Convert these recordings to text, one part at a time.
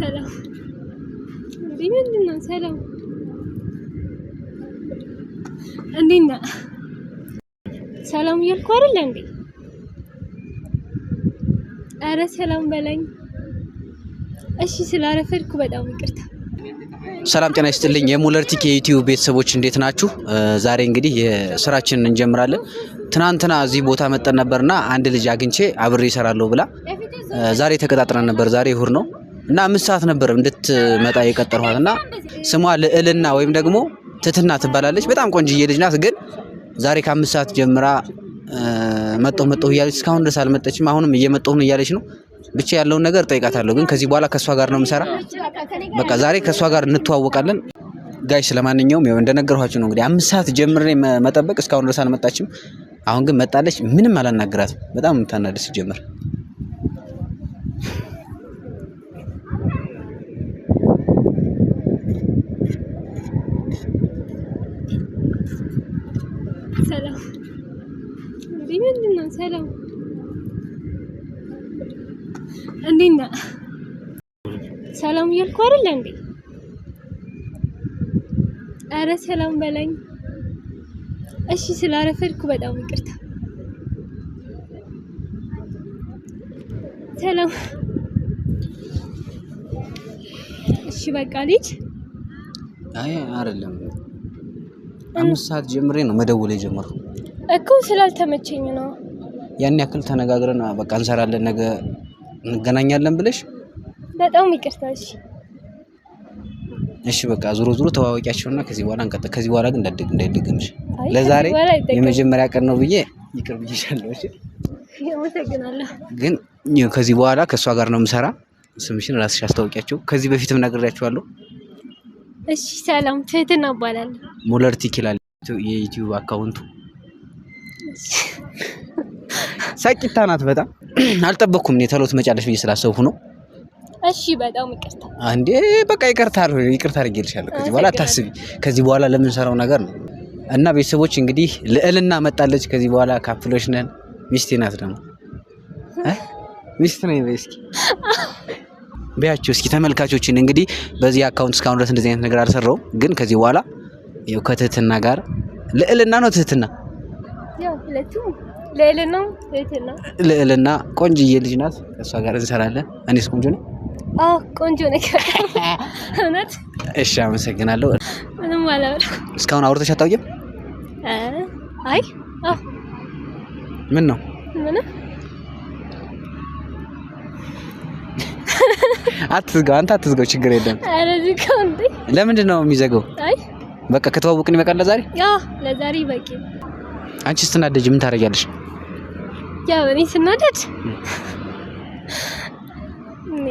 ሰላም እንዴ ምንድን ነው ሰላም እንዴት ነህ ሰላም እያልኩ አይደለ እንዴ አረ ሰላም በለኝ እሺ ስላረፈድኩ በጣም ይቅርታ ሰላም ጤና ይስጥልኝ የሙለርቲክ የዩቲዩብ ቤተሰቦች እንዴት ናችሁ? ዛሬ እንግዲህ ስራችንን እንጀምራለን። ትናንትና እዚህ ቦታ መጠን ነበርና አንድ ልጅ አግኝቼ አብሬ ይሰራለሁ ብላ ዛሬ ተቀጣጥረን ነበር። ዛሬ እሁድ ነው። እና አምስት ሰዓት ነበር እንድትመጣ የቀጠርኋት እና ስሟ ልዕልና ወይም ደግሞ ትትና ትባላለች። በጣም ቆንጅዬ ልጅ ናት። ግን ዛሬ ከአምስት ሰዓት ጀምራ መጣሁ መጣሁ እያለች እስካሁን ድረስ አልመጠችም። አሁንም እየመጣሁ ነው እያለች ነው። ብቻ ያለውን ነገር ጠይቃታለሁ። ግን ከዚህ በኋላ ከእሷ ጋር ነው የምሰራ። በቃ ዛሬ ከእሷ ጋር እንተዋወቃለን። ጋይ ስለማንኛውም ያው እንደነገርኋችሁ ነው እንግዲህ አምስት ሰዓት ጀምሬ መጠበቅ እስካሁን ድረስ አልመጣችም። አሁን ግን መጣለች። ምንም አላናግራትም። በጣም የምታናደስ ጀምር ሰላም እንግዲህ ምንድን ነው ሰላም እንዴት ነህ? ሰላም እያልኩ አይደለ እንዴ? አረ ሰላም በለኝ። እሺ ስላረፈድኩ በጣም ይቅርታ። ሰላም እሺ በቃ ልጅ አይ አይደለም አምስት ሰዓት ጀምሬ ነው መደወል የጀመረው እኮ ስላልተመቸኝ ነው። ያን ያክል ተነጋግረን በቃ እንሰራለን፣ ነገ እንገናኛለን ብለሽ በጣም ይቅርታ። እሺ እሺ፣ በቃ ዞሮ ዞሮ ተዋወቂያቸውና ከዚህ በኋላ እንቀጥ ከዚህ በኋላ ግን እንዳይደግ እንዳይደግምሽ ለዛሬ የመጀመሪያ ቀን ነው ብዬ ይቅር ብዬሻለሁ። እሺ ግን ከዚህ በኋላ ከእሷ ጋር ነው የምሰራ። ስምሽን ራስሽ አስታውቂያቸው። ከዚህ በፊትም ነግሬያቸዋለሁ። እሺ ሰላም፣ ትህትና እባላለሁ። ሙለርት ይችላል የዩቲዩብ አካውንቱ። ሳቂታ ናት በጣም አልጠበኩም። እኔ ተሎት መጫለሽ ብዬ ስላሰብኩ ነው። እሺ በጣም ይቅርታ። አንዴ በቃ ይቅርታ ይቅርታ አድርጌልሻለሁ። ከዚህ በኋላ አታስቢ። ከዚህ በኋላ ለምንሰራው ነገር ነው እና ቤተሰቦች እንግዲህ ልዕልና መጣለች። ከዚህ በኋላ ካፕሎች ነን። ሚስቴ ናት ደግሞ ሚስት ነኝ በይ እስኪ ቢያቸው እስኪ ተመልካቾችን እንግዲህ በዚህ አካውንት እስካሁን ድረስ እንደዚህ አይነት ነገር አልሰራውም፣ ግን ከዚህ በኋላ ይኸው ከትህትና ጋር ልዕልና ነው ትህትና ልዕልና ቆንጅዬ ልጅ ናት። ከእሷ ጋር እንሰራለን። እኔስ ቆንጆ ነኝ? ቆንጆ ነኝ። እሺ፣ አመሰግናለሁ። ምንም አላወራም። እስካሁን አውርተሽ አታውቂም? አይ ምን ነው ምንም አትዝጋው፣ አንተ አትዝጋው፣ ችግር የለም። ለምንድን ነው የሚዘጋው? አይ በቃ ከተዋወቅን ይበቃል ለዛሬ። አዎ ለዛሬ በቂ። አንቺ ስትናደጅ ምን ታደርጊያለሽ? ያው እኔ ስናደድ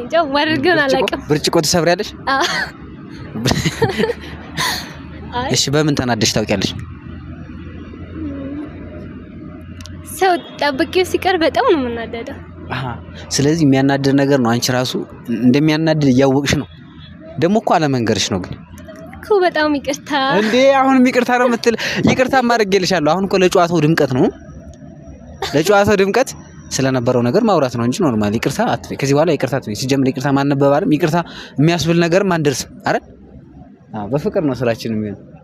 እንጃ ማድረግን አላውቅም። ብርጭቆ ትሰብሪያለሽ? አዎ። እሺ በምን ተናደሽ ታውቂያለሽ? ሰው ጠብቄው ሲቀር በጣም ነው የምናደደው። ስለዚህ የሚያናድድ ነገር ነው። አንቺ ራሱ እንደሚያናድድ እያወቅሽ ነው። ደግሞ እኮ አለመንገርሽ ነው ግን እኮ በጣም ይቅርታ። እንዴ አሁንም ይቅርታ ነው የምትል? ይቅርታ ማድረግልሻለሁ። አሁን እኮ ለጨዋታው ድምቀት ነው፣ ለጨዋታው ድምቀት ስለነበረው ነገር ማውራት ነው እንጂ ኖርማል ይቅርታ አትበይ። ከዚህ በኋላ ይቅርታ አትበይ። ሲጀምር ይቅርታ ማንበብ አይደለም፣ ይቅርታ የሚያስብል ነገርም አንደርስም። አረ በፍቅር ነው ስራችን የሚሆነው።